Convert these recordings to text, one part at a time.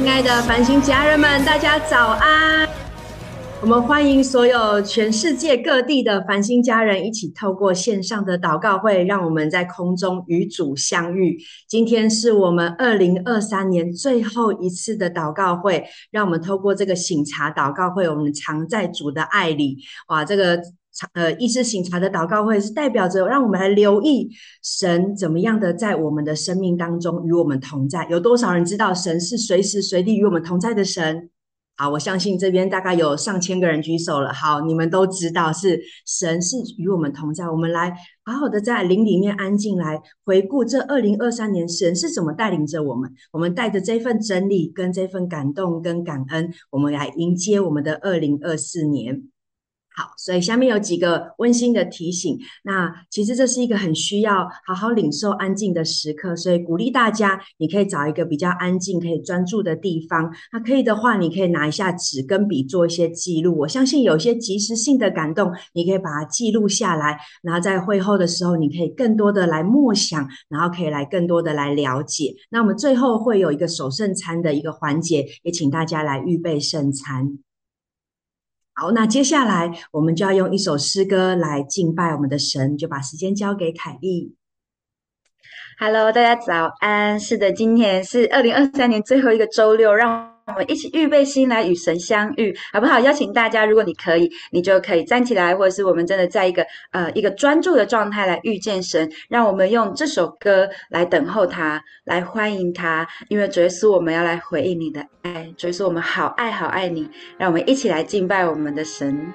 親愛的繁星家人們，大家早安！ 我們歡迎所有全世界各地的繁星家人一起透過線上的禱告會，讓我們在空中與主相遇。今天是我們二零二三年最後一次的禱告會，讓我們透過這個省察禱告會，我們常在主的愛裡。哇，這個！呃，意識省察的禱告會是代表着讓我們來留意神怎麼樣的在我們的生命當中與我們同在。有多少人知道神是隨時隨地與我們同在的神？好，我相信這邊大概有上千個人舉手了。好，你們都知道是神是與我們同在。我們來好好的在靈裡面安靜，來回顧這二零二三年神是怎麼帶領着我們。我們帶着這份真理跟這份感動跟感恩，我們來迎接我們的二零二四年。好，所以下面有幾個溫馨的提醒。那其實這是一個很需要好好領受安靜的時刻，所以鼓勵大家，你可以找一個比較安靜、可以專注的地方。那可以的話，你可以拿一下紙跟筆做一些記錄。我相信有些即時性的感動，你可以把它記錄下來，然後在會後的時候，你可以更多的來默想，然後可以來更多的來了解。那我們最後會有一個守聖餐的一個環節，也請大家來預備聖餐。好，那接下來我們就要用一首詩歌來敬拜我們的神，就把時間交給凱莉。Hello，大家早安。是的，今天是二零二三年最後一個周六，讓。我們一起預備心來與神相遇，好不好？邀請大家，如果你可以，你就可以站起來，或者是我們真的在一個呃一個專注的狀態來遇見神。讓我們用這首歌來等候他，來歡迎他。因為主耶穌，我們要來回應你的愛。主耶穌，我們好愛，好愛你。讓我們一起來敬拜我們的神。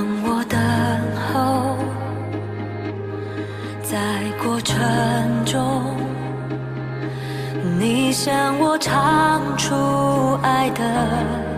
等我等候，在過程中，你向我唱出愛的。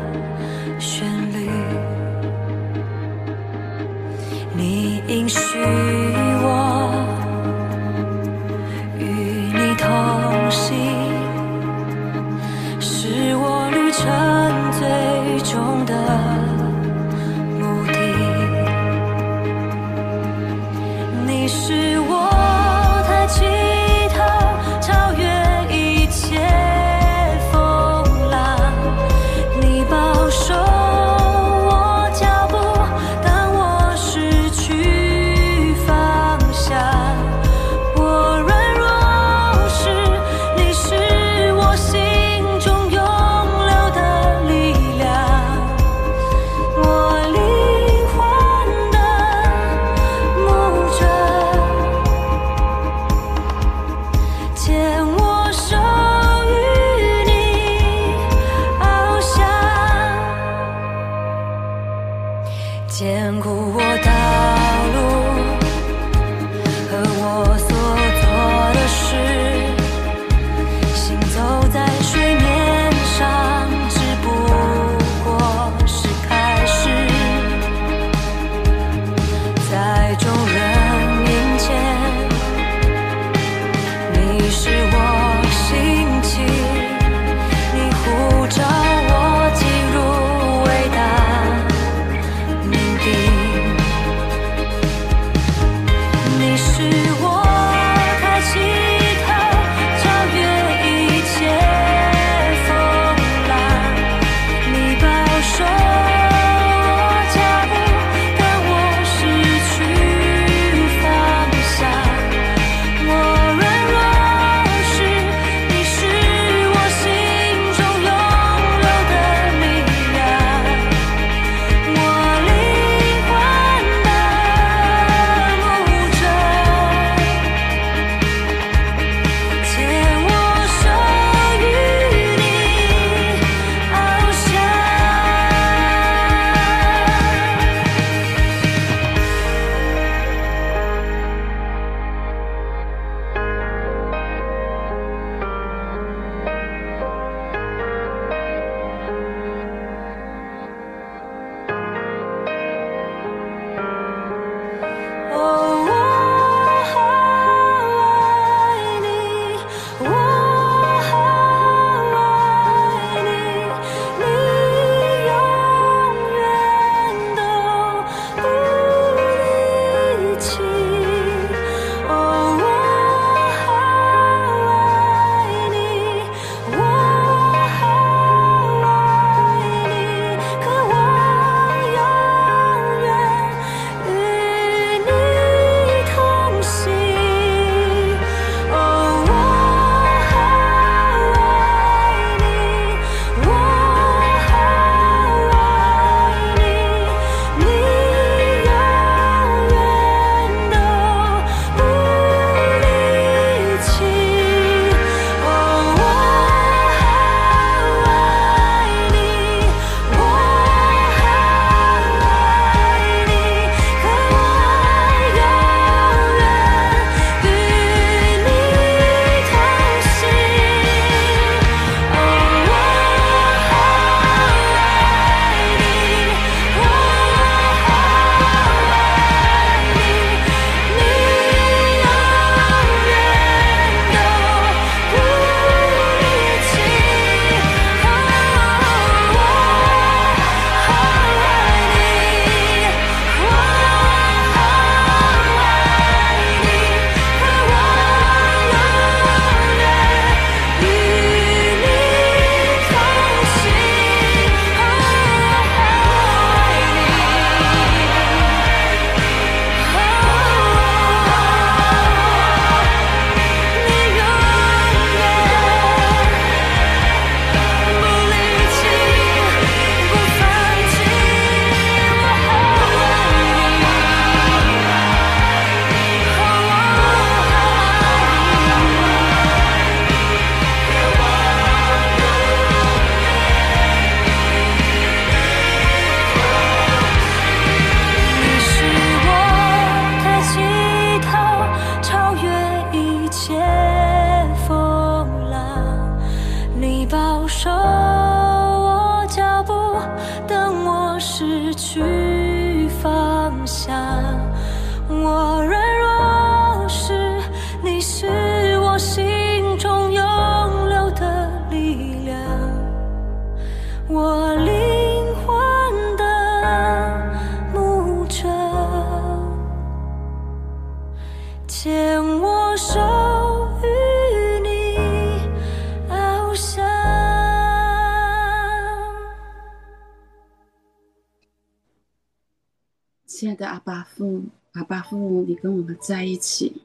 在一起，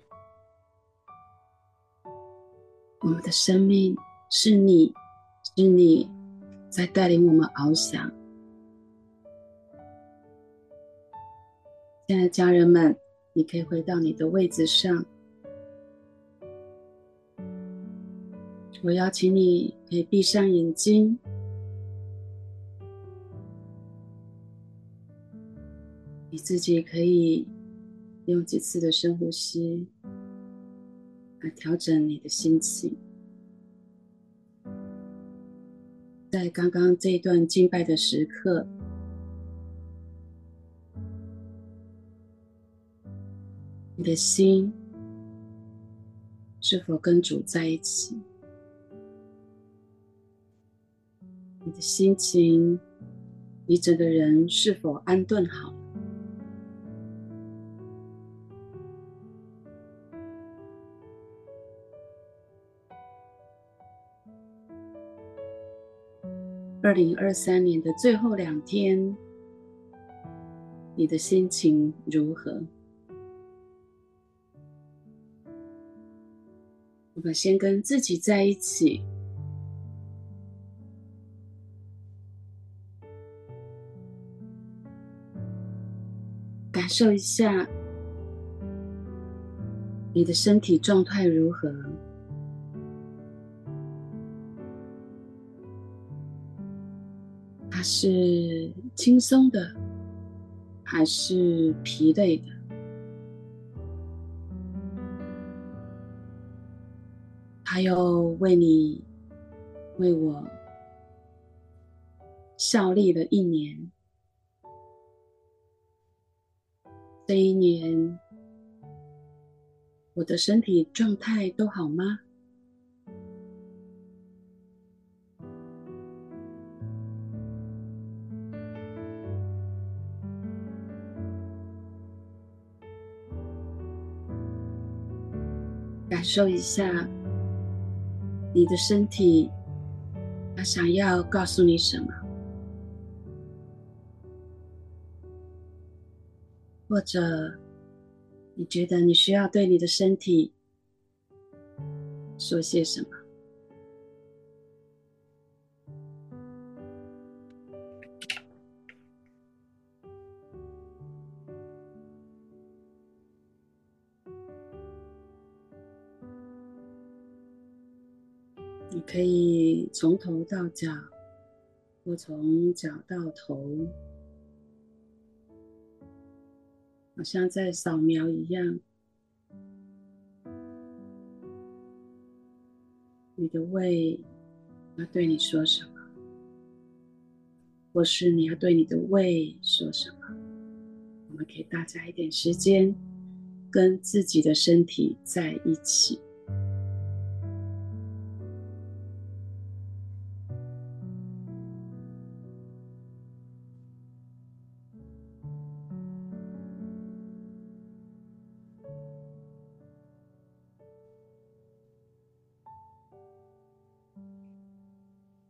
我們的生命是你，是你在帶領我們翱翔。親愛的家人們，你可以回到你的位置上。我邀請你可以閉上眼睛，你自己可以。用幾次的深呼吸來調整你的心情。在剛剛這一段敬拜的時刻，你的心是否跟主在一起？你的心情，你整個人是否安頓好？二零二三年的最後兩天，你的心情如何？我們先跟自己在一起，感受一下你的身體狀態如何？是輕鬆的，還是疲憊的？他又為你、為我效力了一年。這一年，我的身體狀態都好嗎？感受一下，你的身體，他想要告訴你什麼，或者你覺得你需要對你的身體說些什麼。從頭到腳，或從腳到頭，好像在掃描一樣。你的胃要對你說什麼？或是你要對你的胃說什麼？我們給大家一點時間，跟自己的身體在一起。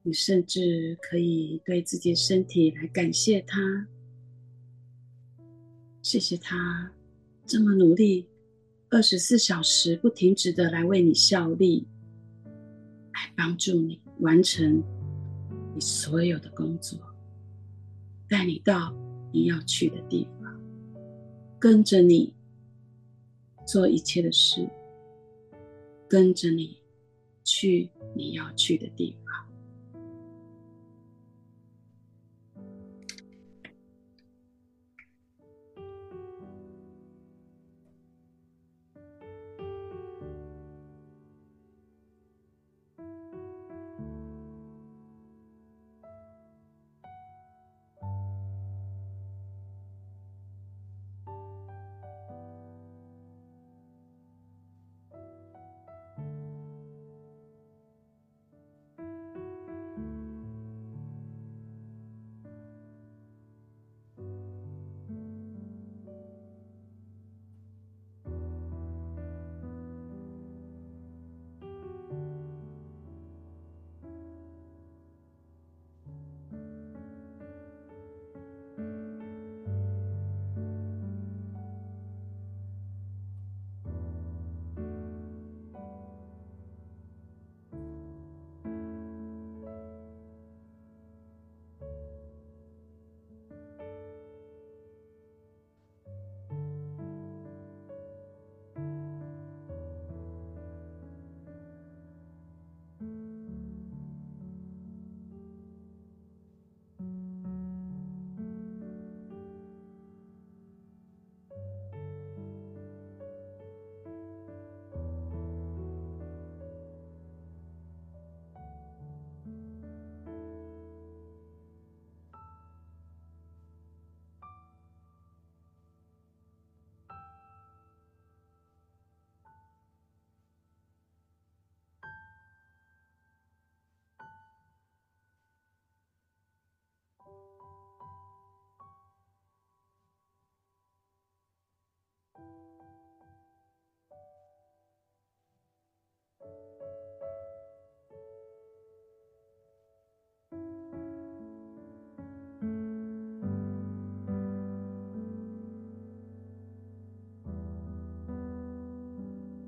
你甚至可以對自己身體來感謝他，謝謝他這麼努力，二十四小時不停止的來為你效力，來幫助你完成你所有的工作，帶你到你要去的地方，跟着你做一切的事，跟着你去你要去的地方。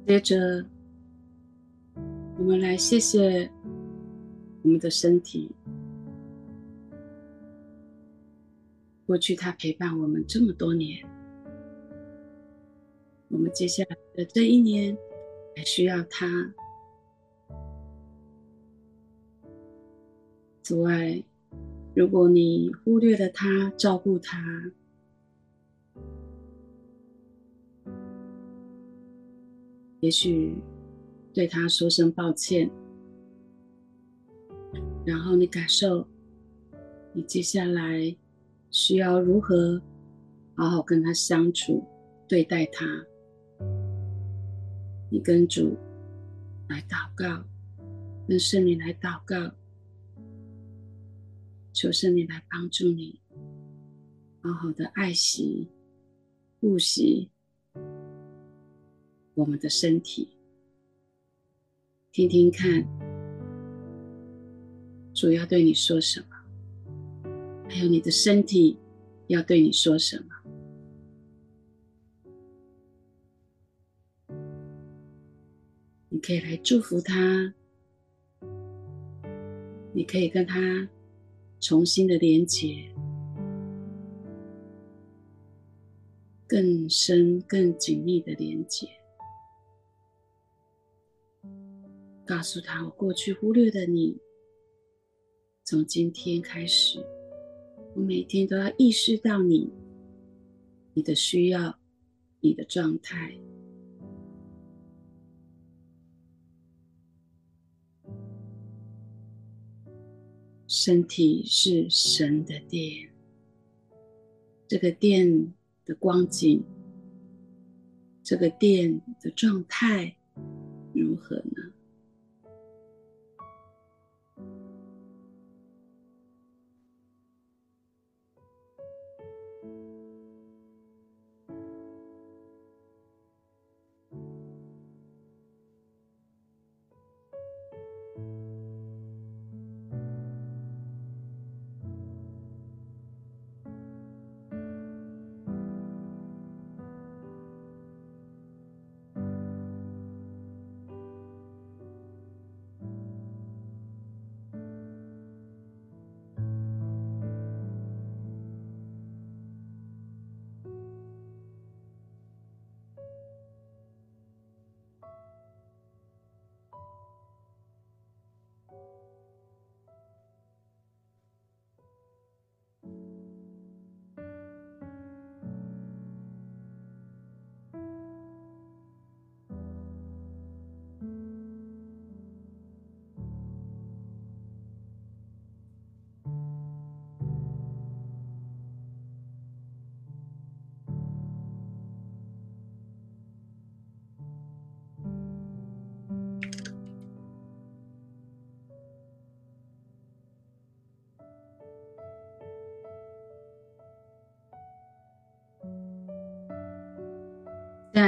接着，我們來謝謝我們的身體。過去他陪伴我們這麼多年，我們接下來的這一年還需要他。此外，如果你忽略了他，照顧他。也許對他說聲抱歉，然後你感受，你接下來需要如何好好跟他相處、對待他？你跟主來禱告，跟聖靈來禱告，求聖靈來幫助你，好好的愛惜、顧惜。我們的身體，聽聽看，主要對你說什麼？還有你的身體要對你說什麼？你可以來祝福他，你可以跟他重新的連接，更深、更緊密的連接。告訴他，我過去忽略了你。從今天開始，我每天都要意識到你、你的需要、你的狀態。身體是神的殿，這個殿的光景，這個殿的狀態如何呢？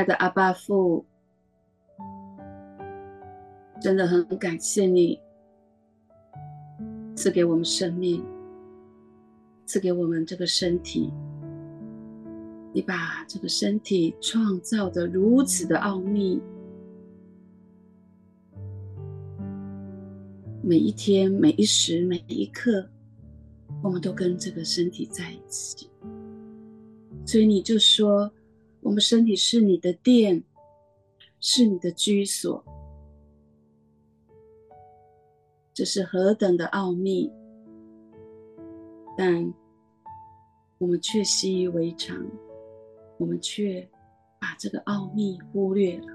愛的阿爸父，真的很感謝你賜給我們生命，賜給我們這個身體。你把這個身體創造的如此的奧秘，每一天、每一時、每一刻，我們都跟這個身體在一起，所以你就說。我們身體是你的殿，是你的居所，這是何等的奧秘！但我們卻習以為常，我們卻把這個奧秘忽略了。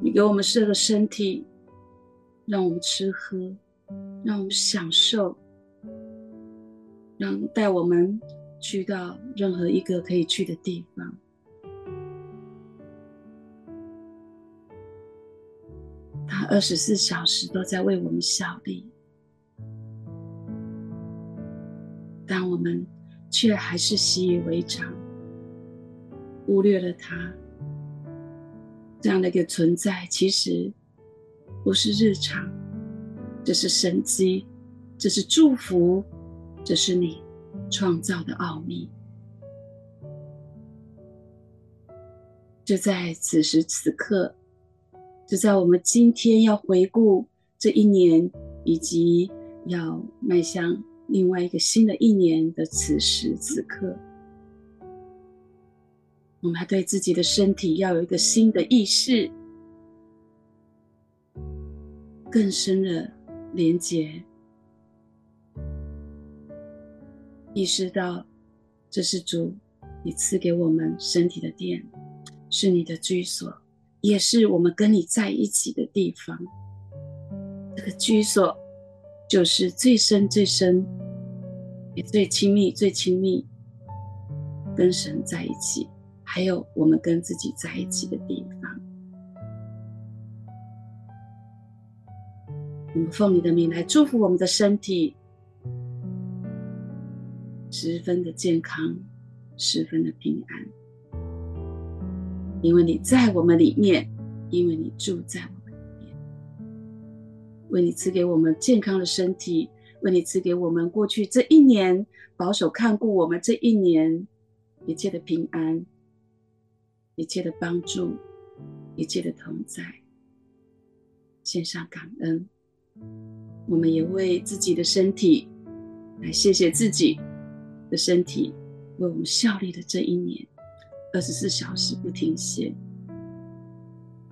你給我們設個身體，讓我們吃喝，讓我們享受，讓帶我們。去到任何一個可以去的地方，他二十四小時都在為我們效力，但我們卻還是習以為常，忽略了他，這樣的一個存在其實不是日常，這是神蹟，這是祝福，這是你。創造的奧秘，就在此時此刻，就在我們今天要回顧這一年，以及要邁向另外一個新的一年的此時此刻，我們還對自己的身體要有一個新的意識，更深的連接。意識到，這是主，你賜給我們身體的殿，是你的居所，也是我們跟你在一起的地方。這個居所就是最深最深，也最親密最親密，跟神在一起，還有我們跟自己在一起的地方。我們奉你的名來祝福我們的身體。十分的健康，十分的平安，因為你在我們裡面，因為你住在我們裡面，為你賜給我們健康的身體，為你賜給我們過去這一年保守看顧我們這一年一切的平安，一切的幫助，一切的同在，獻上感恩。我們也為自己的身體來謝謝自己，的身體為我們效力的這一年，二十四小時不停歇，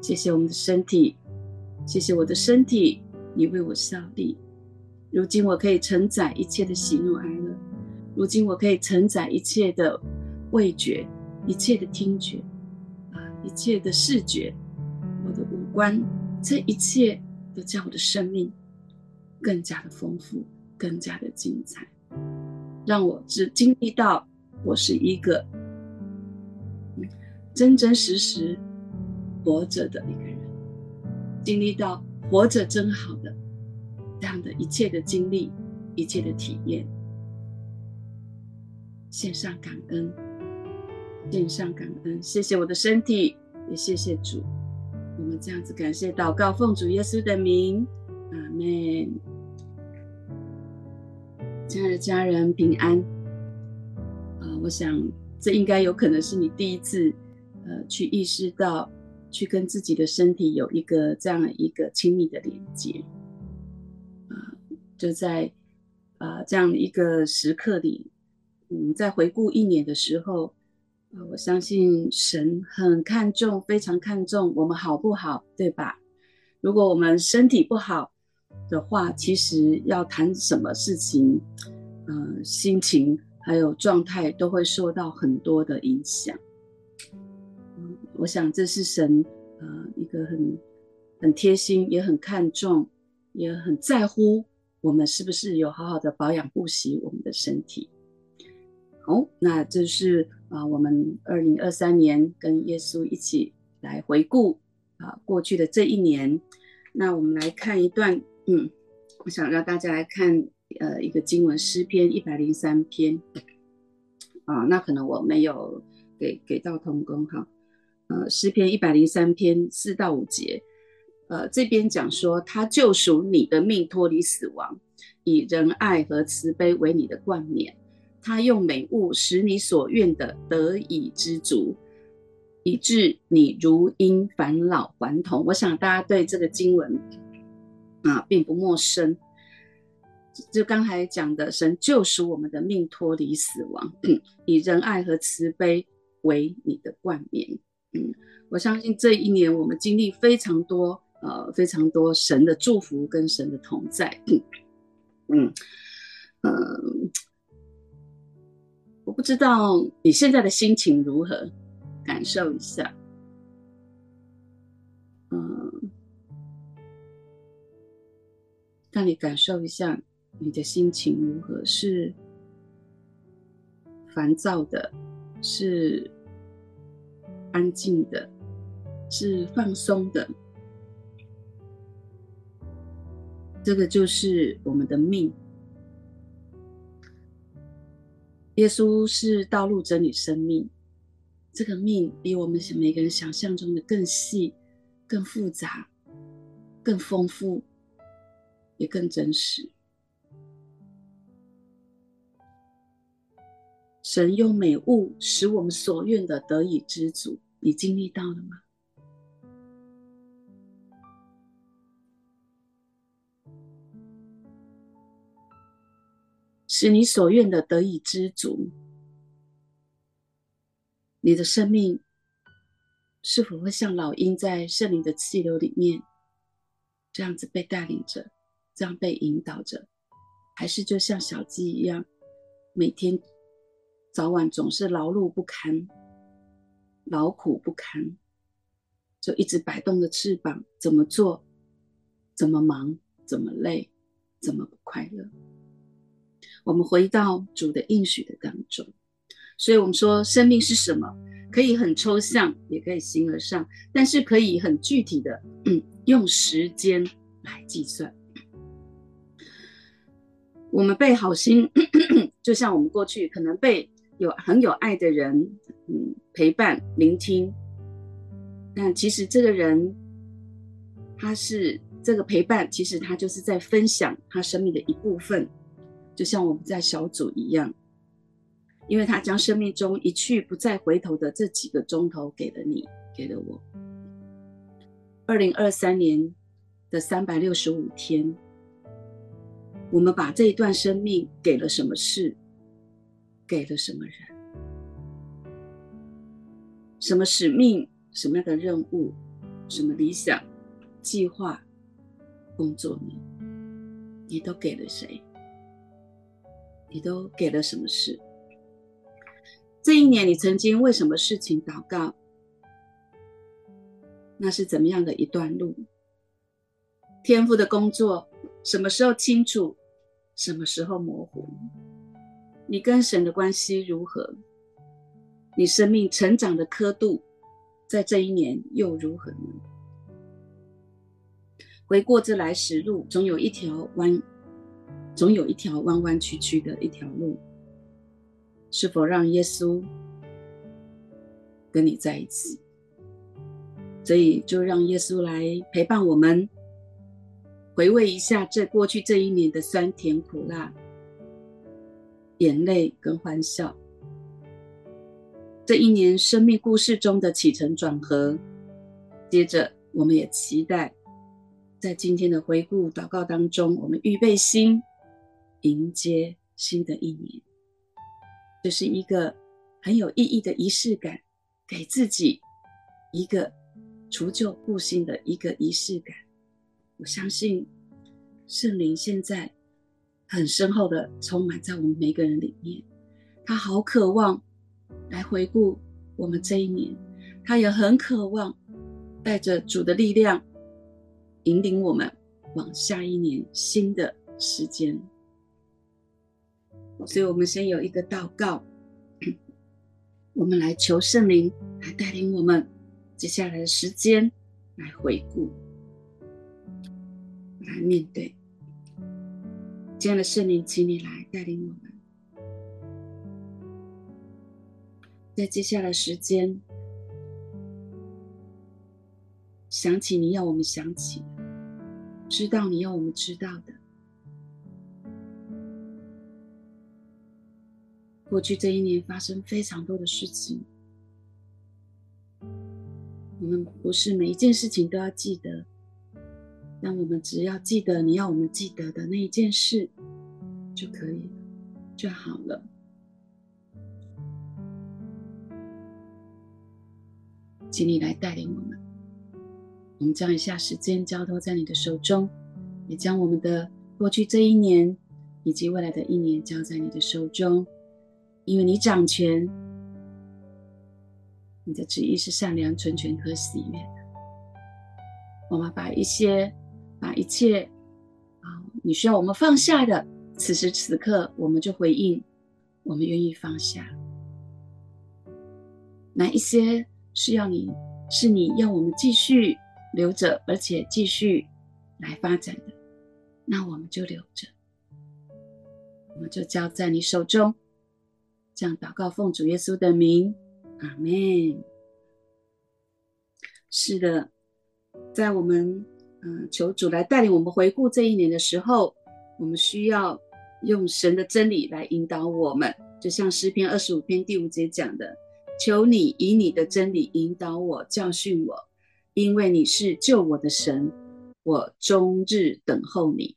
謝謝我們的身體，謝謝我的身體，你為我效力。如今我可以承載一切的喜怒哀樂，如今我可以承載一切的味覺、一切的聽覺啊，一切的視覺，我的五官，這一切都叫我的生命更加的豐富，更加的精彩。讓我只經歷到我是一個真真實實活着的一個人，經歷到活着真好的這樣的一切的經歷，一切的體驗，獻上感恩，獻上感恩，謝謝我的身體，也謝謝主，我們這樣子感謝禱告，奉主耶穌的名，阿門。親愛的家人，平安。啊、呃，我想這應該有可能是你第一次，呃，去意識到，去跟自己的身體有一個這樣一個親密的連接。啊、呃，就在啊、呃、這樣一個時刻裡，嗯，在回顧一年的時候、呃，我相信神很看重，非常看重我們好不好，對吧？如果我們身體不好，的話，其實要談什麼事情，嗯、呃，心情還有狀態都會受到很多的影響。嗯，我想這是神呃一個很很貼心，也很看重，也很在乎我們是不是有好好的保養、護惜我們的身體。好，那這是啊、呃，我們二零二三年跟耶穌一起來回顧啊、呃、過去的這一年。那我們來看一段。嗯，我想讓大家來看，呃，一個經文詩篇一百零三篇，啊，那可能我沒有給給到同工哈，呃，詩篇一百零三篇四到五節，呃，這邊講說他救贖你的命，脫離死亡，以仁愛和慈悲為你的冠冕，他用美物使你所願的得以知足，以致你如鷹返老還童。我想大家對這個經文。啊，並不陌生。就剛才講的，神救贖我們的命，脫離死亡，以仁愛和慈悲為你的冠冕。嗯，我相信這一年我們經歷非常多，呃，非常多神的祝福跟神的同在。嗯嗯，呃，我不知道你現在的心情如何，感受一下。讓你感受一下你的心情如何，是煩躁的，是安靜的，是放鬆的。這個就是我們的命。耶穌是道路、真理、生命。這個命比我們每個人想象中的更細、更複雜、更豐富。也更真實。神用美物使我們所願的得以知足，你經歷到了嗎？使你所願的得以知足，你的生命是否會像老鷹在聖靈的氣流裡面這樣子被帶領着？這樣被引導着，還是就像小雞一樣，每天早晚總是勞碌不堪，勞苦不堪，就一直擺動着翅膀，怎麼做，怎麼忙，怎麼累，怎麼不快樂？我們回到主的應許的當中，所以我們說，生命是什麼？可以很抽象，也可以形而上，但是可以很具體的、嗯、用時間來計算。我們被好心， 就像我們過去可能被有很有愛的人，嗯，陪伴、聆聽。但其實這個人，他是這個陪伴，其實他就是在分享他生命的一部分，就像我們在小組一樣，因為他將生命中一去不再回頭的這幾個鐘頭給了你，給了我。二零二三年的三百六十五天。我們把這一段生命給了什麼事？給了什麼人？什麼使命？什麼樣的任務？什麼理想？計劃？工作呢？你都給了誰？你都給了什麼事？這一年你曾經為什麼事情禱告？那是怎麼樣的一段路？天賦的工作，什麼時候清楚？什麼時候模糊？你跟神的關係如何？你生命成長的刻度，在這一年又如何呢？回過頭來時路，總有一條彎，總有一條彎彎曲曲的一條路。是否讓耶穌跟你在一起？所以，就讓耶穌來陪伴我們。回味一下這過去這一年的酸甜苦辣、眼淚跟歡笑，這一年生命故事中的起承轉合。接着，我們也期待在今天的回顧禱告當中，我們預備心迎接新的一年。這、就是一個很有意義的儀式感，給自己一個除舊佈新的一個儀式感。我相信聖靈現在很深厚的充滿在我們每個人裡面，他好渴望來回顧我們這一年，他也很渴望帶着主的力量引領我們往下一年新的時間。所以，我們先有一個禱告，我們來求聖靈來帶領我們接下來的時間來回顧來面對，這樣的聖靈，請你來帶領我們，在接下來的時間，想起你要我們想起的，知道你要我們知道的。過去這一年發生非常多的事情，我們不是每一件事情都要記得。那我們只要記得你要我們記得的那一件事就可以了，就好了。請你來帶領我們，我們將一下時間交託在你的手中，也將我們的過去這一年以及未來的一年交在你的手中，因為你掌權，你的旨意是善良、純全和喜悅的。我們把一些。把一切，啊，你需要我們放下的，此時此刻我們就回應，我們願意放下。哪一些是要你，是你要我們繼續留着，而且繼續來發展的，那我們就留着，我們就交在你手中。這樣禱告，奉主耶穌的名，阿門。是的，在我們。嗯，求主來帶領我們回顧這一年的時候，我們需要用神的真理來引導我們。就像詩篇二十五篇第五節講的：“求你以你的真理引導我，教訓我，因為你是救我的神，我終日等候你。”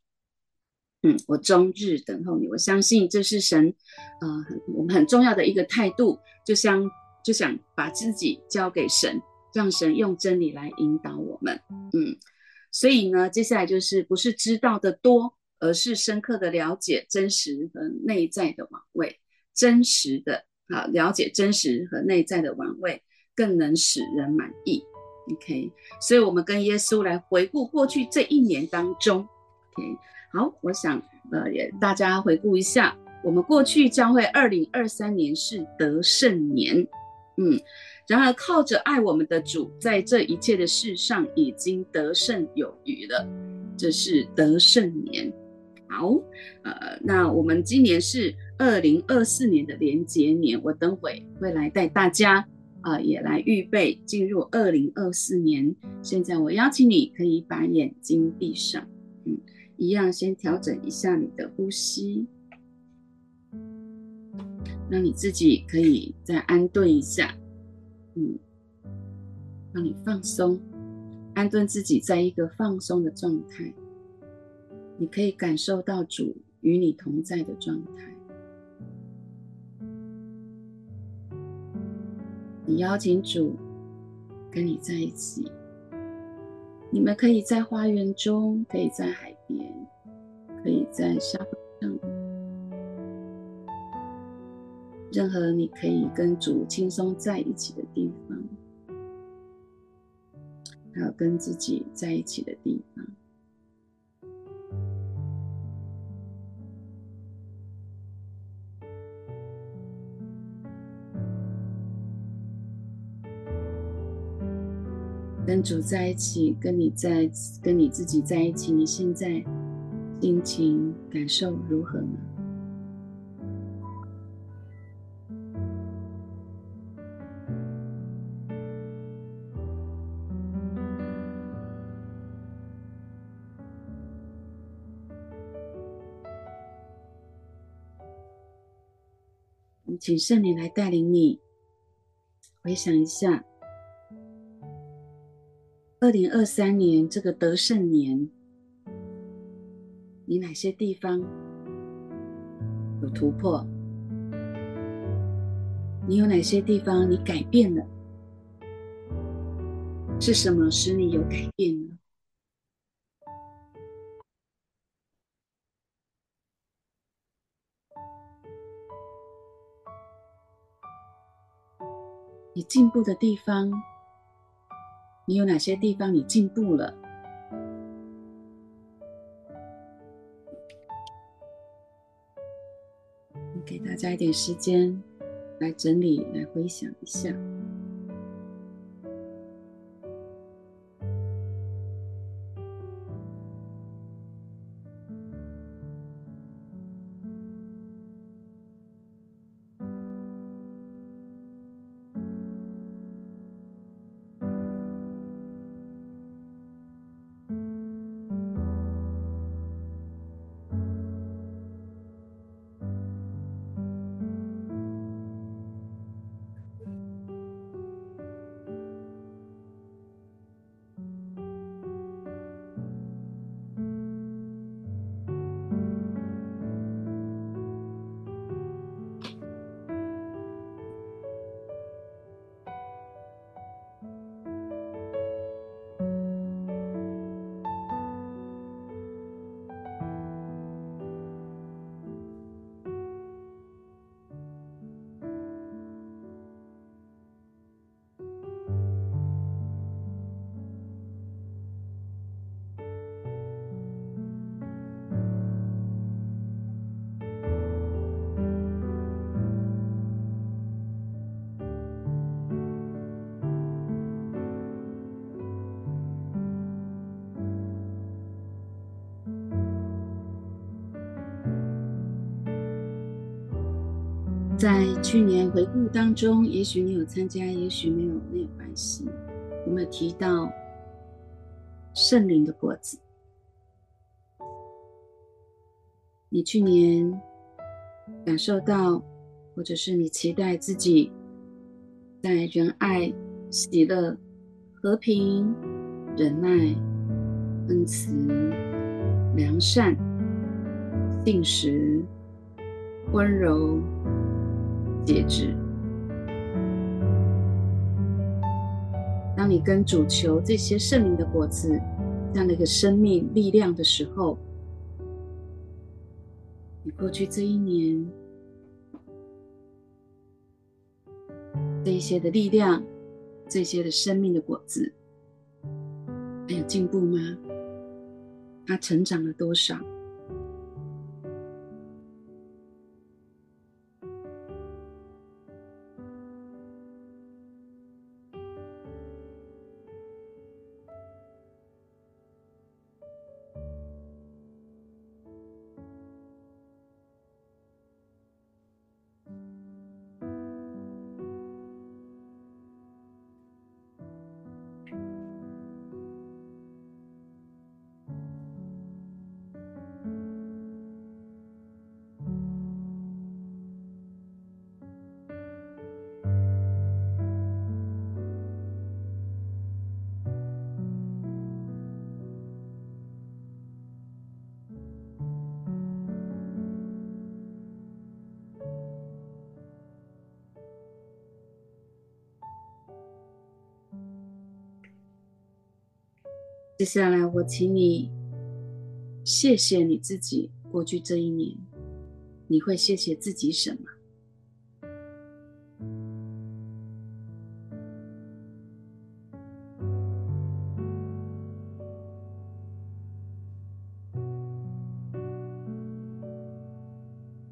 嗯，我終日等候你。我相信這是神，啊、呃，我們很重要的一個態度，就像就想把自己交給神，讓神用真理來引導我們。嗯。所以呢，接下來就是不是知道的多，而是深刻的了解真實和內在的玩味，真實的啊，了解真實和內在的玩味，更能使人滿意。OK，所以我們跟耶穌來回顧過去這一年當中，OK，好，我想呃也大家回顧一下，我們過去教會二零二三年是得勝年。嗯，然而靠着愛我們的主，在這一切的事上已經得勝有餘了，這是得勝年。好，呃，那我們今年是二零二四年的連結年，我等會會來帶大家，啊、呃，也來預備進入二零二四年。現在我邀請你，可以把眼睛閉上，嗯，一樣先調整一下你的呼吸。讓你自己可以再安頓一下，嗯，讓你放鬆，安頓自己在一個放鬆的狀態。你可以感受到主與你同在的狀態。你邀請主跟你在一起，你們可以在花園中，可以在海邊，可以在沙發上。任何你可以跟主輕鬆在一起的地方，還有跟自己在一起的地方，跟主在一起，跟你在，跟你自己在一起，你現在心情感受如何呢？請聖靈來帶領你，回想一下，二零二三年這個得勝年，你哪些地方有突破？你有哪些地方你改變了？是什麼使你有改變呢？你進步的地方，你有哪些地方你進步了？我給大家一點時間來整理，來回想一下。去年回顧當中，也許你有參加，也許沒有，沒有關係。我們提到聖靈的果子，你去年感受到，或者是你期待自己在仁愛、喜樂、和平、忍耐、恩慈、良善、信實、溫柔。節制。當你跟主求這些聖靈的果子這樣的一個生命力量的時候，你過去這一年這一些的力量、這些的生命的果子，還有進步嗎？它成長了多少？接下來，我請你謝謝你自己。過去這一年，你會謝謝自己什麼？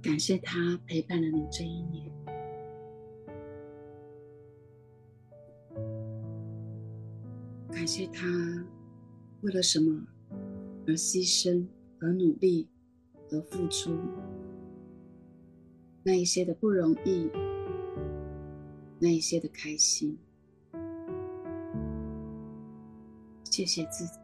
感謝他陪伴了你這一年，感謝他。為了什麼而犧牲，而努力，而付出？那一些的不容易，那一些的開心。謝謝自己。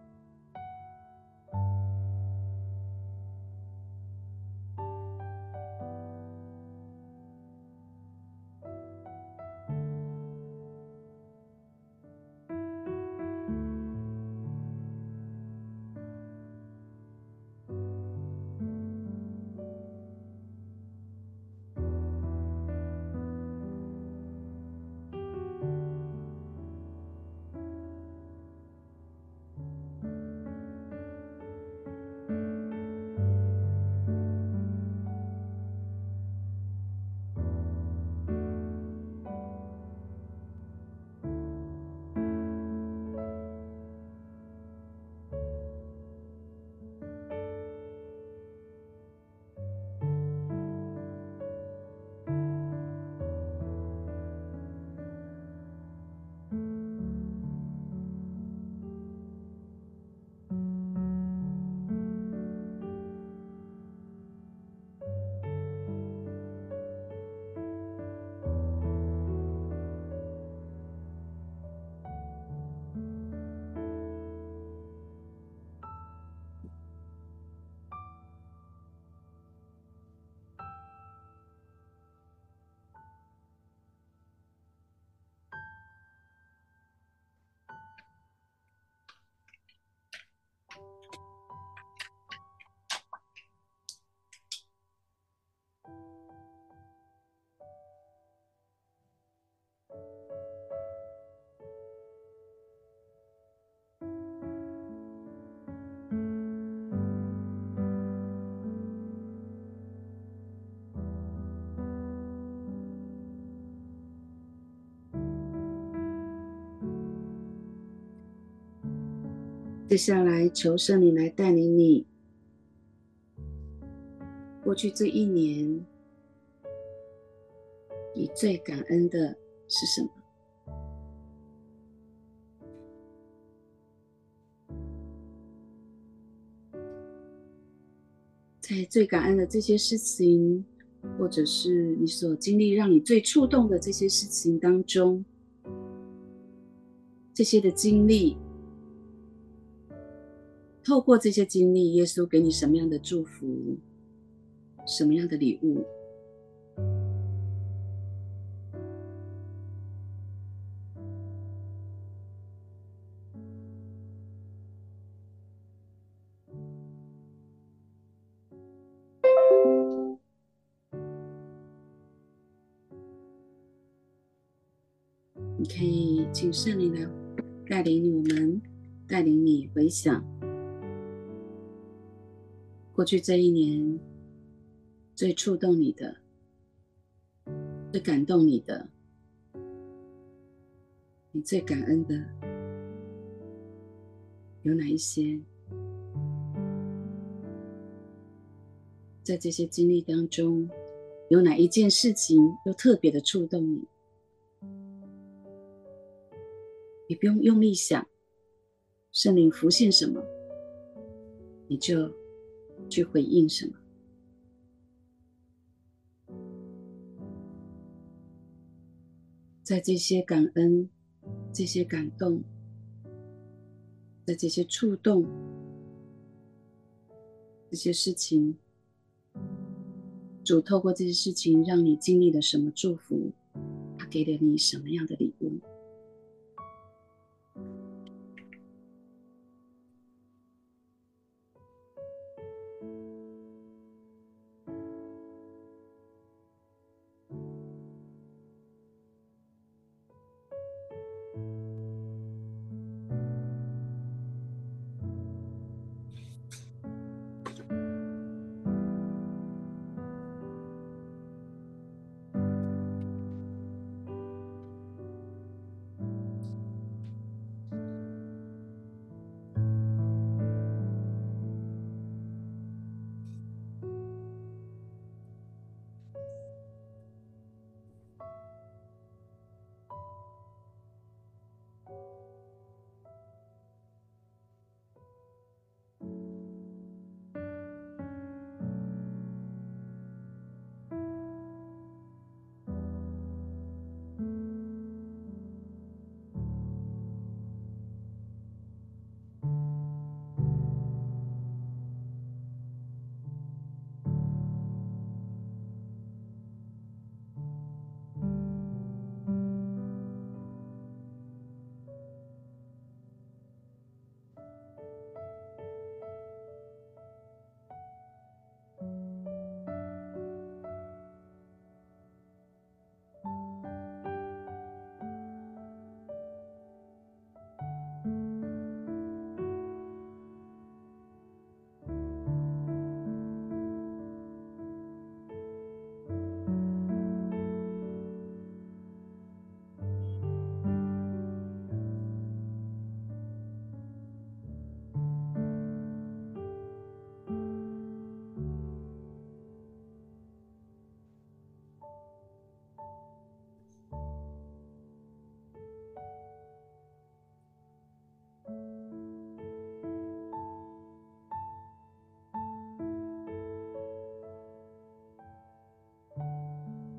接下來，求聖靈來帶領你。過去這一年，你最感恩的是什麼？在最感恩的這些事情，或者是你所經歷讓你最觸動的這些事情當中，這些的經歷。透過這些經歷，耶穌給你什麼樣的祝福，什麼樣的禮物？嗯。你可以請聖靈來帶領你，我們帶領你回想。過去這一年，最觸動你的、最感動你的、你最感恩的，有哪一些？在這些經歷當中，有哪一件事情又特別的觸動你？你不用用力想，聖靈浮現什麼，你就。去回應什麼？在這些感恩、這些感動、在這些觸動、這些事情，主透過這些事情讓你經歷了什麼祝福？他給了你什麼樣的禮物？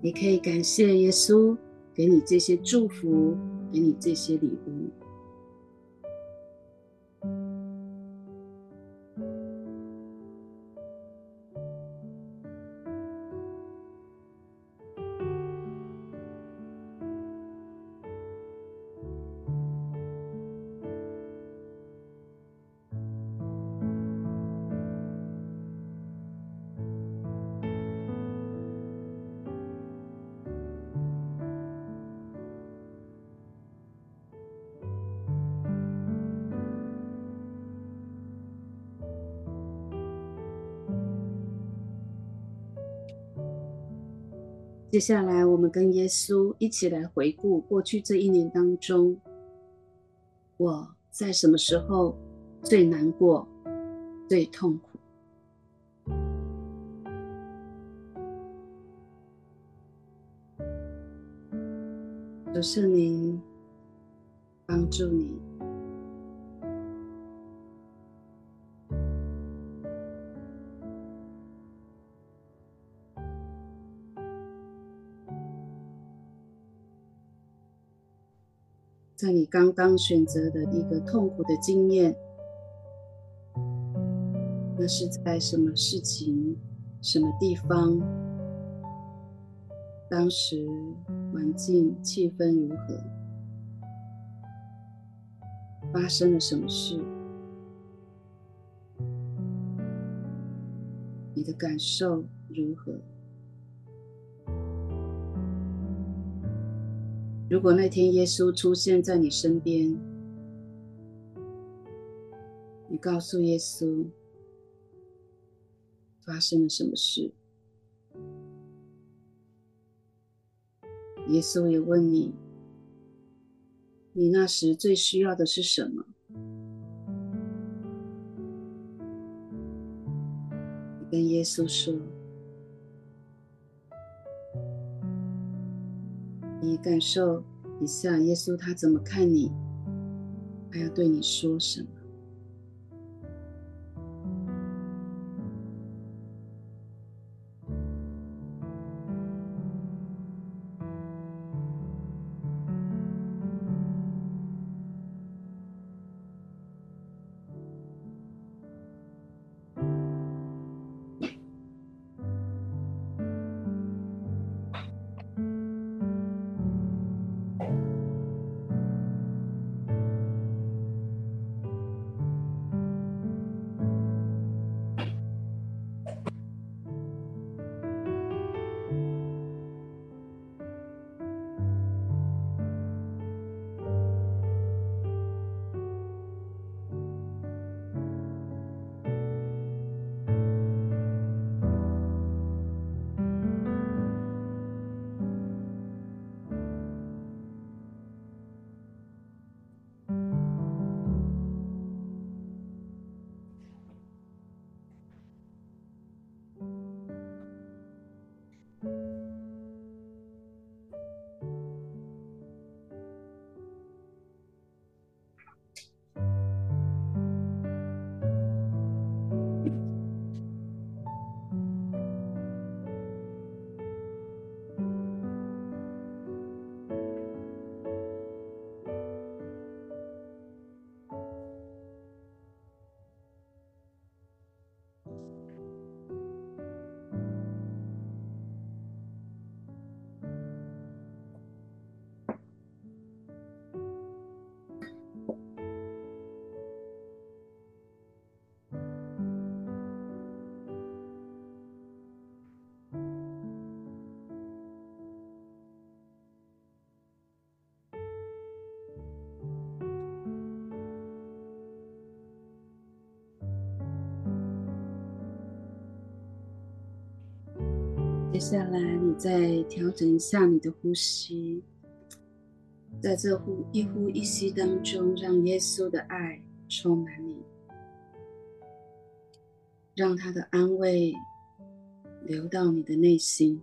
你可以感謝耶穌，給你這些祝福，給你這些禮物。接下來，我們跟耶穌一起來回顧過去這一年當中，我在什麼時候最難過、最痛苦？求聖靈幫助你。在你剛剛選擇的一個痛苦的經驗，那是在什麼事情、什麼地方？當時環境、氣氛如何？發生了什麼事？你的感受如何？如果那天耶穌出現在你身邊，你告訴耶穌發生了什麼事？耶穌也問你，你那時最需要的是什麼？你跟耶穌說。你感受一下，耶穌他怎麼看你，他要對你說什麼。接下來，你再調整一下你的呼吸，在這呼一呼一吸當中，讓耶穌的愛充滿你，讓他的安慰流到你的內心。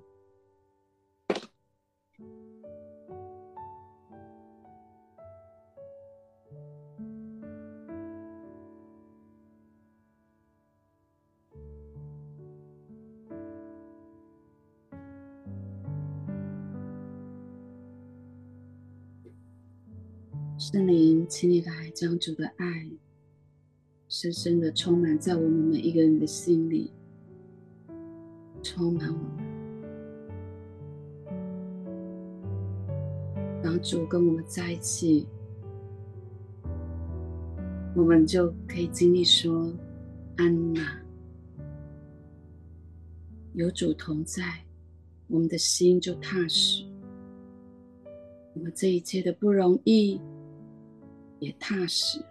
請你來將主的愛深深的充滿在我們每一個人的心裡，充滿我們，當主跟我們在一起，我們就可以經歷說：“安啦，有主同在，我們的心就踏實。我們這一切的不容易。”也踏實。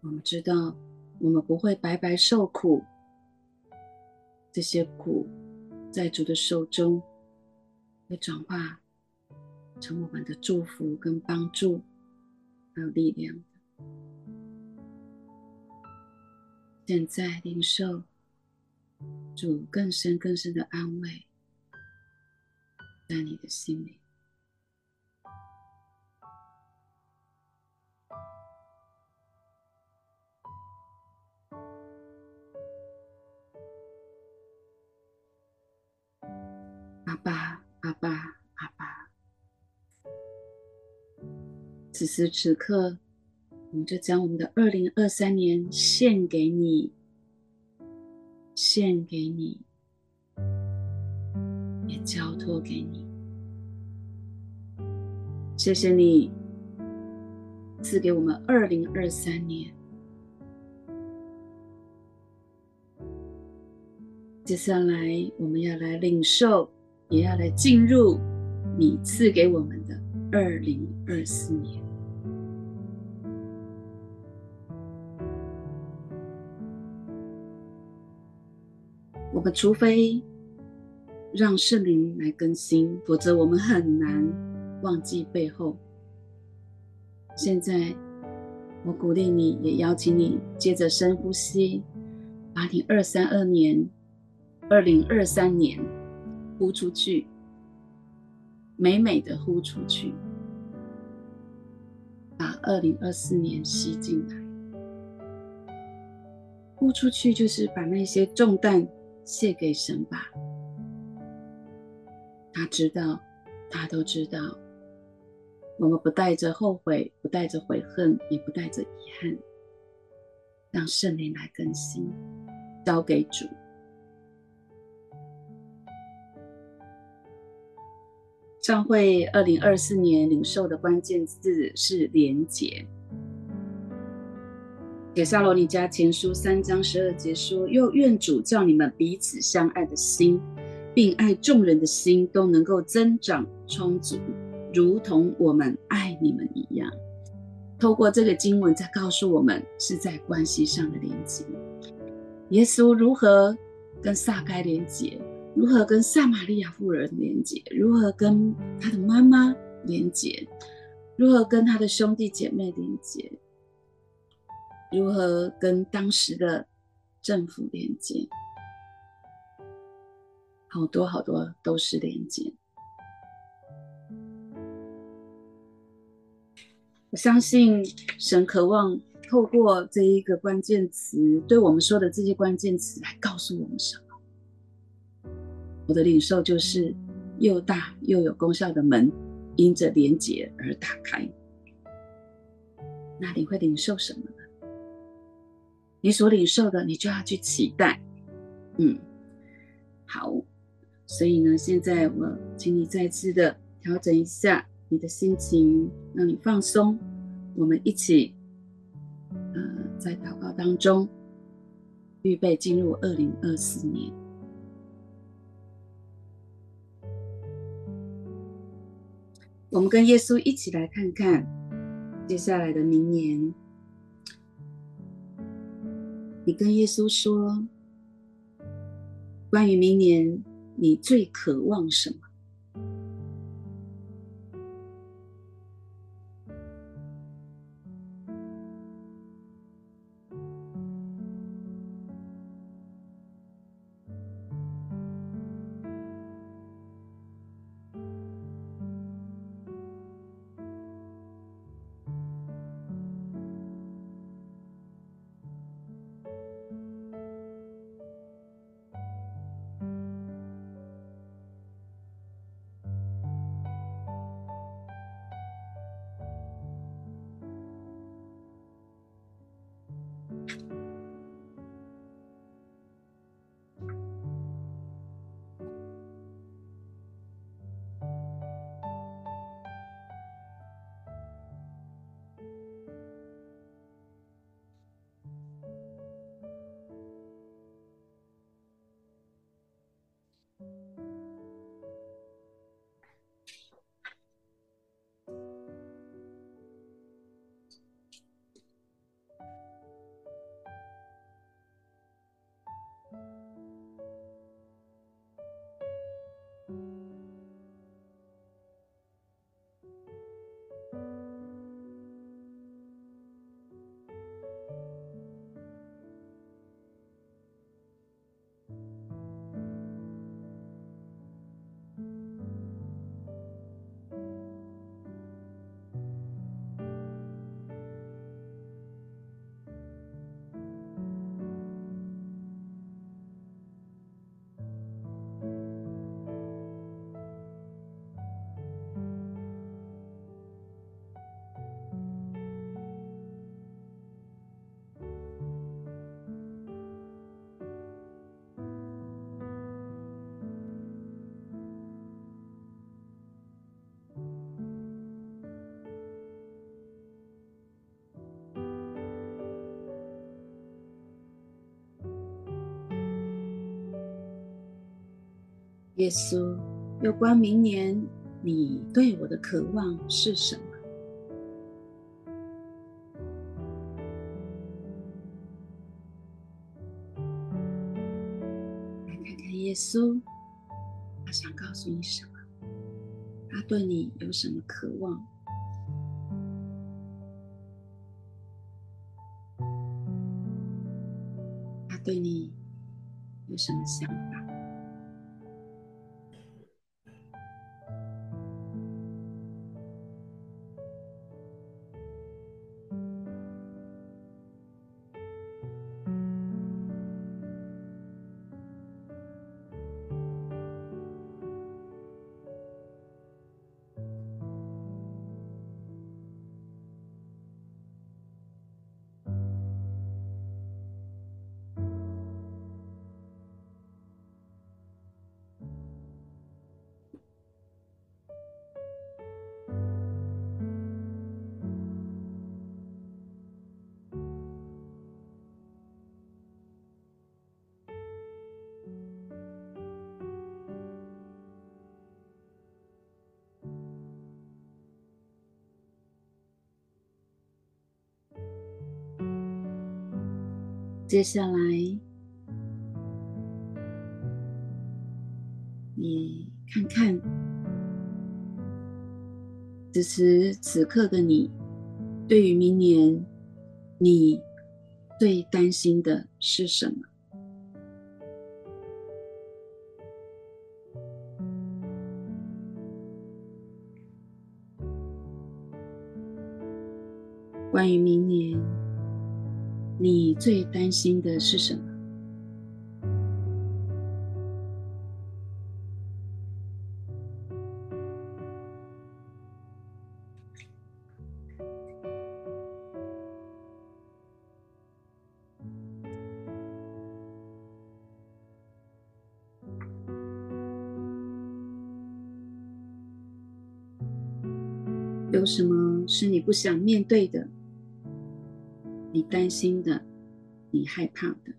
我們知道，我們不會白白受苦。這些苦，在主的手中，會轉化成我們的祝福跟幫助，還有力量的。現在，領受主更深更深的安慰，在你的心裡。阿爸阿爸阿爸，爸，此時此刻，我們就將我們的二零二三年獻給你，獻給你，也交托給你。謝謝你賜給我們二零二三年。接下來，我們要來領受。也要來進入你賜給我們的二零二四年。我們除非讓聖靈來更新，否則我們很難忘記背後。現在，我鼓勵你，也邀請你接着深呼吸，把你二三二年、二零二三年，呼出去，美美的呼出去，把二零二四年吸進來。呼出去就是把那些重擔卸給神吧，他知道，他都知道。我們不帶着後悔，不帶着悔恨，也不帶着遺憾，讓聖靈來更新，交給主。教會二零二四年領受的關鍵字是連結。帖撒羅尼迦前書三章十二節說：“又願主叫你們彼此相愛的心，並愛眾人的心都能夠增長充足，如同我們愛你們一樣。”透過這個經文，在告訴我們是在關係上的連結。耶穌如何跟撒該連結？如何跟撒瑪利亞婦人連接？如何跟他的媽媽連接？如何跟他的兄弟姐妹連接？如何跟當時的政府連接？好多好多都是連接。我相信神渴望透過這一個關鍵詞，對我們說的這些關鍵詞來告訴我們什麼。我的領受就是又大又有功效的門，因着連接而打開。那你會領受什麼呢？你所領受的，你就要去期待。嗯，好。所以呢，現在我請你再次的調整一下你的心情，讓你放鬆。我們一起，呃，在禱告當中，預備進入二零二四年。我們跟耶穌一起來看看，接下來的明年，你跟耶穌說，關於明年，你最渴望什麼？耶穌，有關明年，你對我的渴望是什麼？來看看耶穌，他想告訴你什麼？他對你有什麼渴望？他對你有什麼想法？接下來，你看看此時此刻的你，對於明年，你最擔心的是什麼？關於明年。你最擔心的是什麼？有什麼是你不想面對的？你擔心的，你害怕的。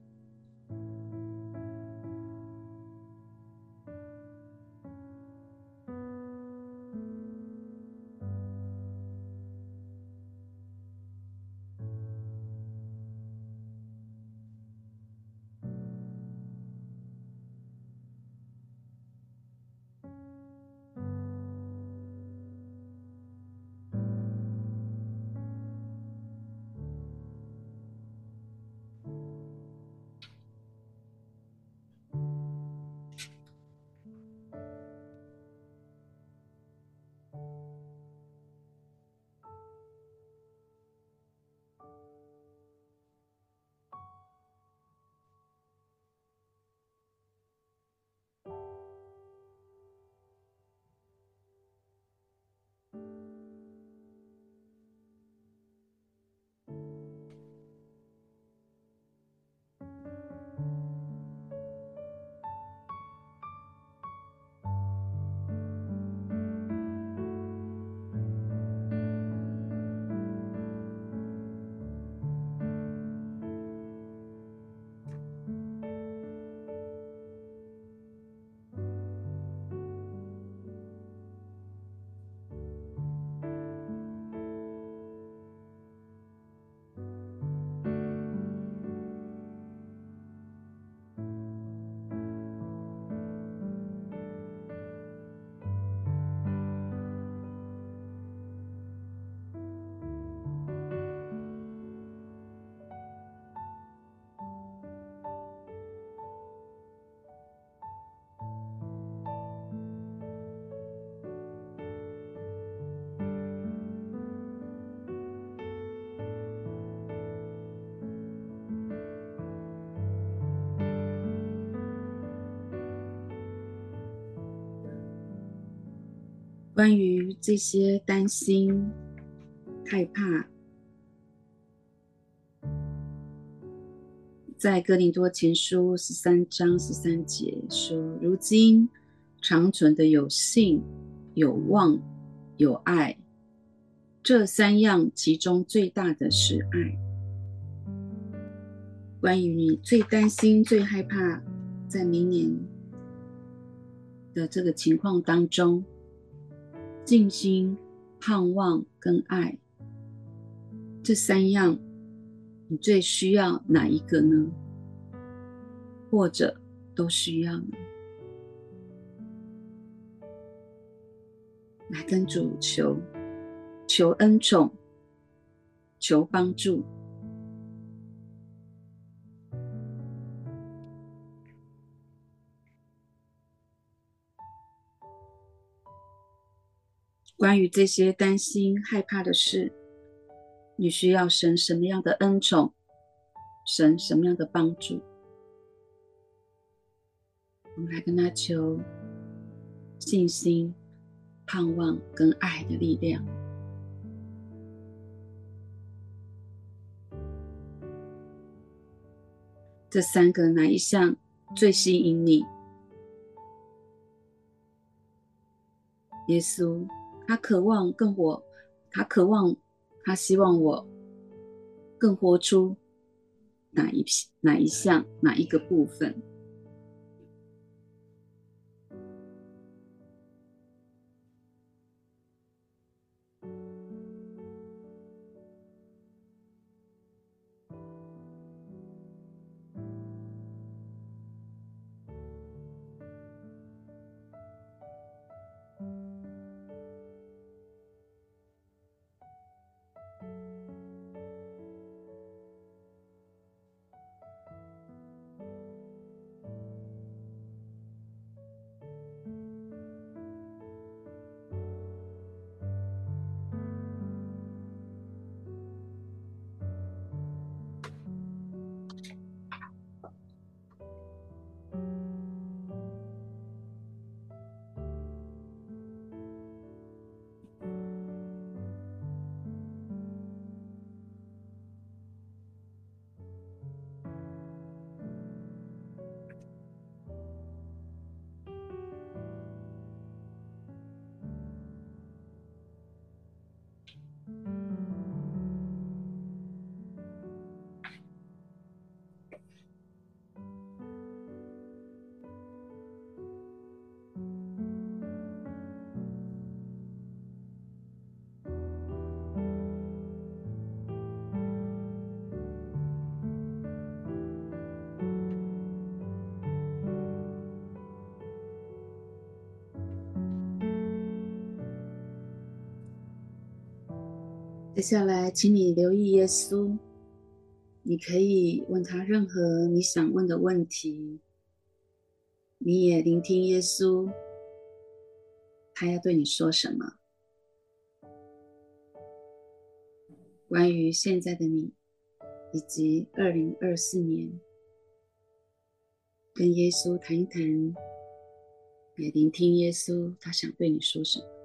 關於這些擔心、害怕，在《哥林多前書》十三章十三節說：“如今長存的有信、有望、有愛，這三樣其中最大的是愛。”關於你最擔心、最害怕，在明年的這個情況當中。信心、盼望跟愛，這三樣，你最需要哪一個呢？或者都需要呢？來跟主求，求恩寵，求幫助。關於這些擔心、害怕的事，你需要神什麼樣的恩寵，神什麼樣的幫助。我們來跟他求信心、盼望跟愛的力量。這三個哪一項最吸引你？耶穌，他渴望更活，他渴望，他希望我更活出哪一批，哪一項，哪一個部分？接下來，請你留意耶穌。你可以問他任何你想問的問題。你也聆聽耶穌，他要對你說什麼？關於現在的你，以及二零二四年，跟耶穌談一談，也聆聽耶穌，他想對你說什麼？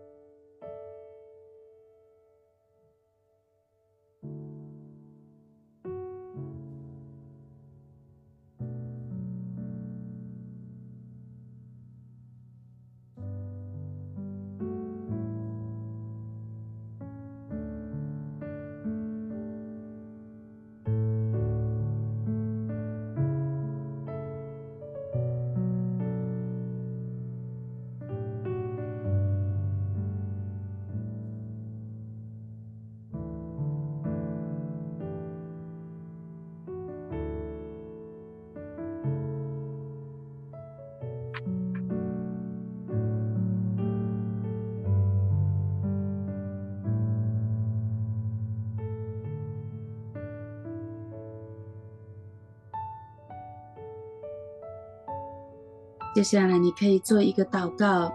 接下來，你可以做一個禱告，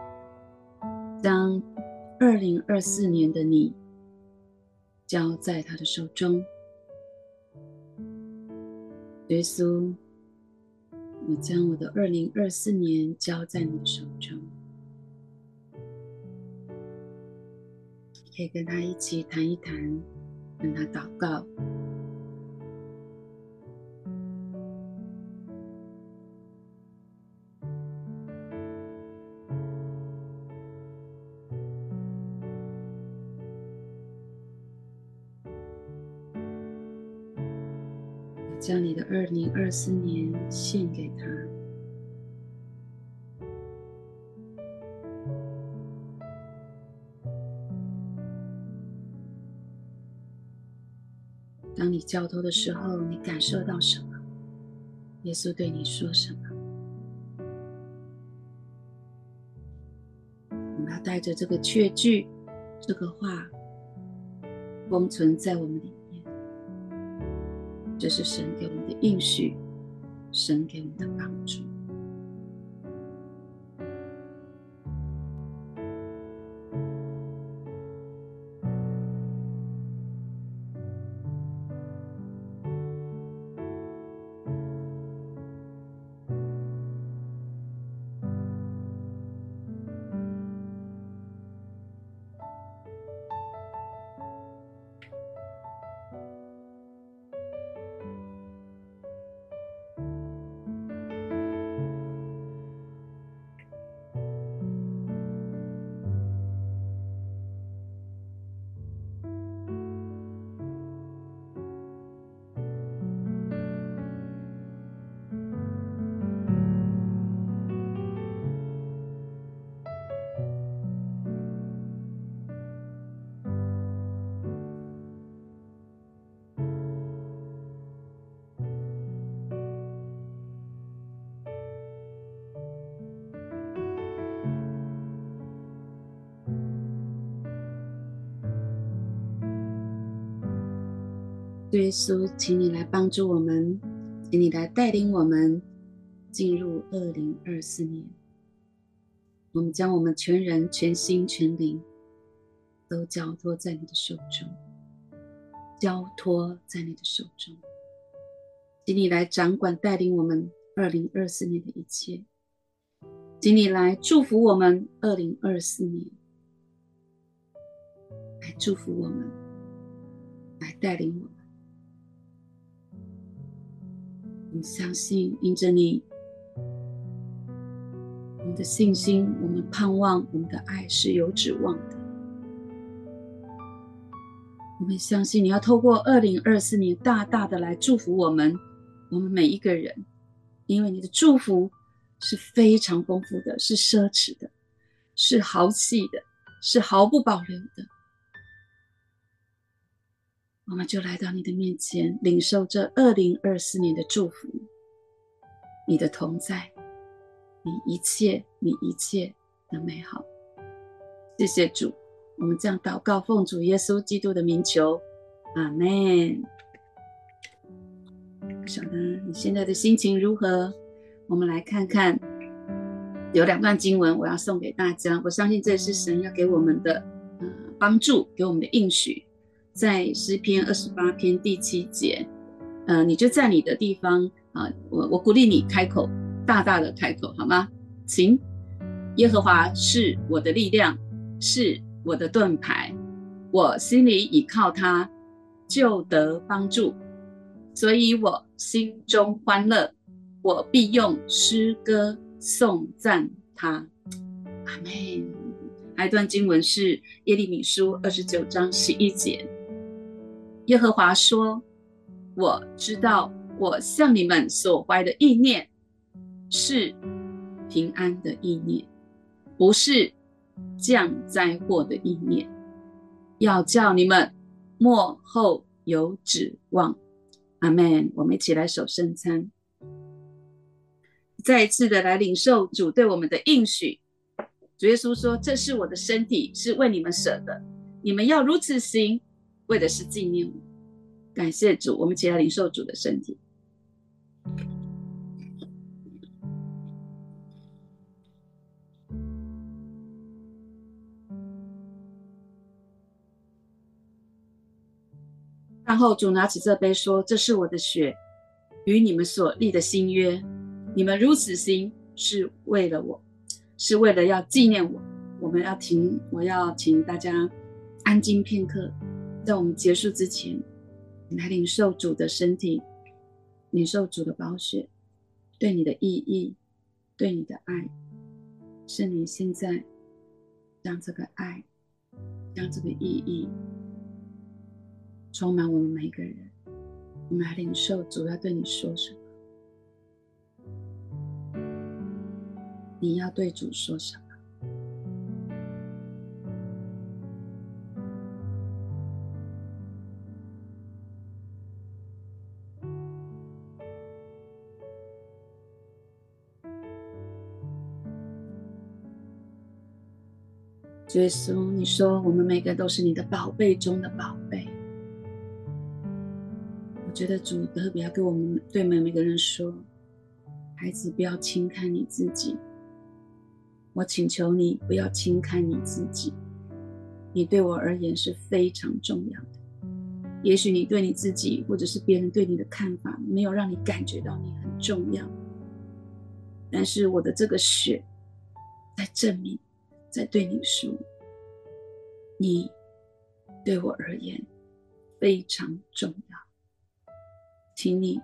將二零二四年的你交在他的手中。耶穌，我將我的二零二四年交在你的手中，可以跟他一起談一談，跟他禱告。將你的二零二四年獻給他。當你交託的時候，你感受到什麼？耶穌對你說什麼？他帶着這個確據，這個話，封存在我們裡。這是神給我們的應許，神給我們的幫助。耶穌，請你來幫助我們，請你來帶領我們進入二零二四年。我們將我們全人、全心、全靈都交托在你的手中，交托在你的手中。請你來掌管、帶領我們二零二四年的一切，請你來祝福我們二零二四年，來祝福我們，來帶領我們。我們相信，因着你，我們的信心，我們盼望，我們的愛是有指望的。我們相信你要透過二零二四年大大的來祝福我們，我們每一個人，因為你的祝福是非常豐富的，是奢侈的，是豪氣的，是毫不保留的。我們就來到你的面前，領受這二零二四年的祝福，你的同在，你一切，你一切的美好。謝謝主，我們這樣禱告，奉主耶穌基督的名求，阿門。小德，你現在的心情如何？我們來看看，有兩段經文，我要送給大家。我相信這是神要給我們的，呃、嗯，幫助，給我們的應許。在詩篇二十八篇第七節，呃，你就在你的地方啊，我我鼓勵你開口，大大的開口，好嗎？行，耶和華是我的力量，是我的盾牌，我心裡倚靠他，就得幫助，所以我心中歡樂，我必用詩歌頌讚他。阿們，還一段經文是耶利米書二十九章十一節。耶和華說：“我知道，我向你們所懷的意念是平安的意念，不是降災禍的意念，要叫你們末後有指望。”阿門。我們一起來守聖餐，再一次的來領受主對我們的應許。主耶穌說：“這是我的身體，是為你們舍的，你們要如此行。”為的是紀念我。感謝主，我們起來領受主的身體。然後主拿起這杯說：“這是我的血，與你們所立的新約。你們如此行，是為了我，是為了要紀念我。”我們要停，我要請大家安靜片刻。在我們結束之前，你來領受主的身體，領受主的寶血，對你的意義，對你的愛，是你現在讓這個愛，讓這個意義充滿我們每一個人。我們來領受主要對你說什麼？你要對主說什麼？耶穌，你說我們每個人都是你的寶貝中的寶貝。我覺得主特別要跟我們對每每個人說：“孩子，不要輕看你自己。”我請求你不要輕看你自己。你對我而言是非常重要的。也許你對你自己或者是別人對你的看法，沒有讓你感覺到你很重要。但是我的這個血在證明。在對你說，你對我而言非常重要，請你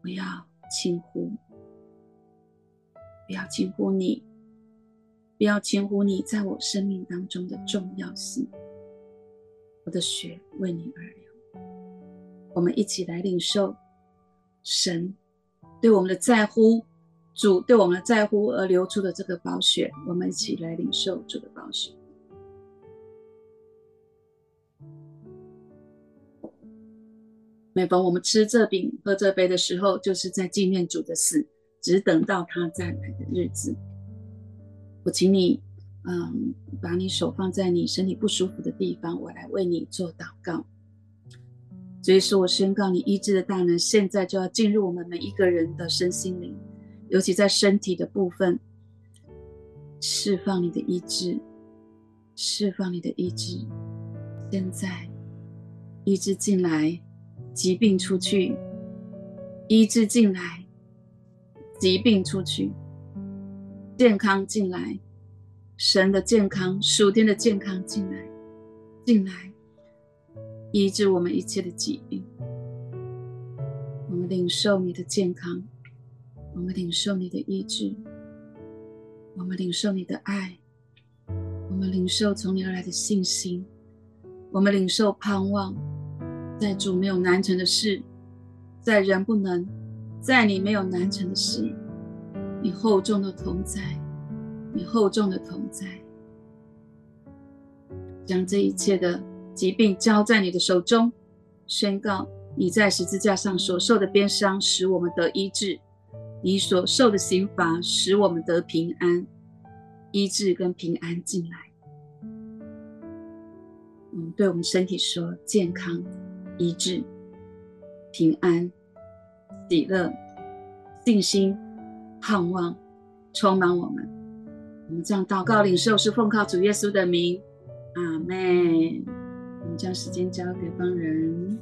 不要輕忽，不要輕忽你，不要輕忽你在我生命當中的重要性。我的血為你而流，我們一起來領受神對我們的在乎。主對我們的在乎而流出的這個寶血，我們一起來領受主的寶血。每逢我們吃這餅、喝這杯的時候，就是在紀念主的死。只直等到他再來的日子。我請你，嗯，把你手放在你身體不舒服的地方，我來為你做禱告。所以說我宣告你醫治的大能，現在就要進入我們每一個人的身心靈。尤其在身體的部分，釋放你的醫治，釋放你的醫治。現在，醫治進來，疾病出去；醫治進來，疾病出去；健康進來，神的健康、屬天的健康進來，進來，醫治我們一切的疾病。我們領受你的健康。我們領受你的意志，我們領受你的愛，我們領受從你而來的信心，我們領受盼望。在主沒有難成的事，在人不能，在你沒有難成的事。你厚重的同在，你厚重的同在，將這一切的疾病交在你的手中，宣告你在十字架上所受的鞭傷，使我們得醫治。你所受的刑罰使我們得平安，醫治跟平安進來。嗯，對我們身體說健康、醫治、平安、喜樂、信心、盼望，充滿我們。我們這樣禱告，領受是奉靠主耶穌的名，阿門。我們將時間交給幫人。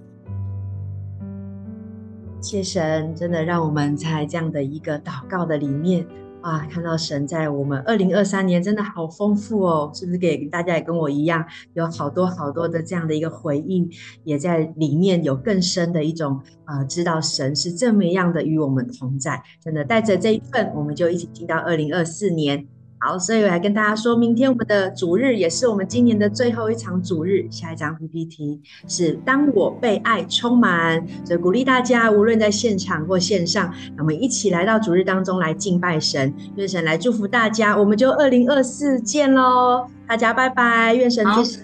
謝神，真的讓我們在這樣的一個禱告的裡面，哇，看到神在我們二零二三年真的好豐富哦，是不是給大家也跟我一樣，有好多好多的這樣的一個回應，也在裡面有更深的一種，呃，知道神是這麼樣的與我們同在，真的帶着這一份，我們就一起進到二零二四年。好，所以我來跟大家說，明天我們的主日也是我們今年的最後一場主日。下一張 PPT 是“當我被愛充滿”，所以鼓勵大家，無論在現場或線上，我們一起來到主日當中來敬拜神，願神來祝福大家。我們就二零二四見嘍，大家拜拜。願神祝福。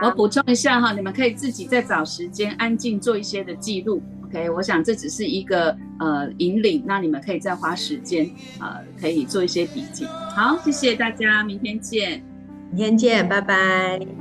我補充一下哈，你們可以自己再找時間安靜做一些的記錄。OK, 我想這只是一個呃引領，那你們可以再花時間，呃，可以做一些筆記。好，謝謝大家，明天見，明天見，拜拜。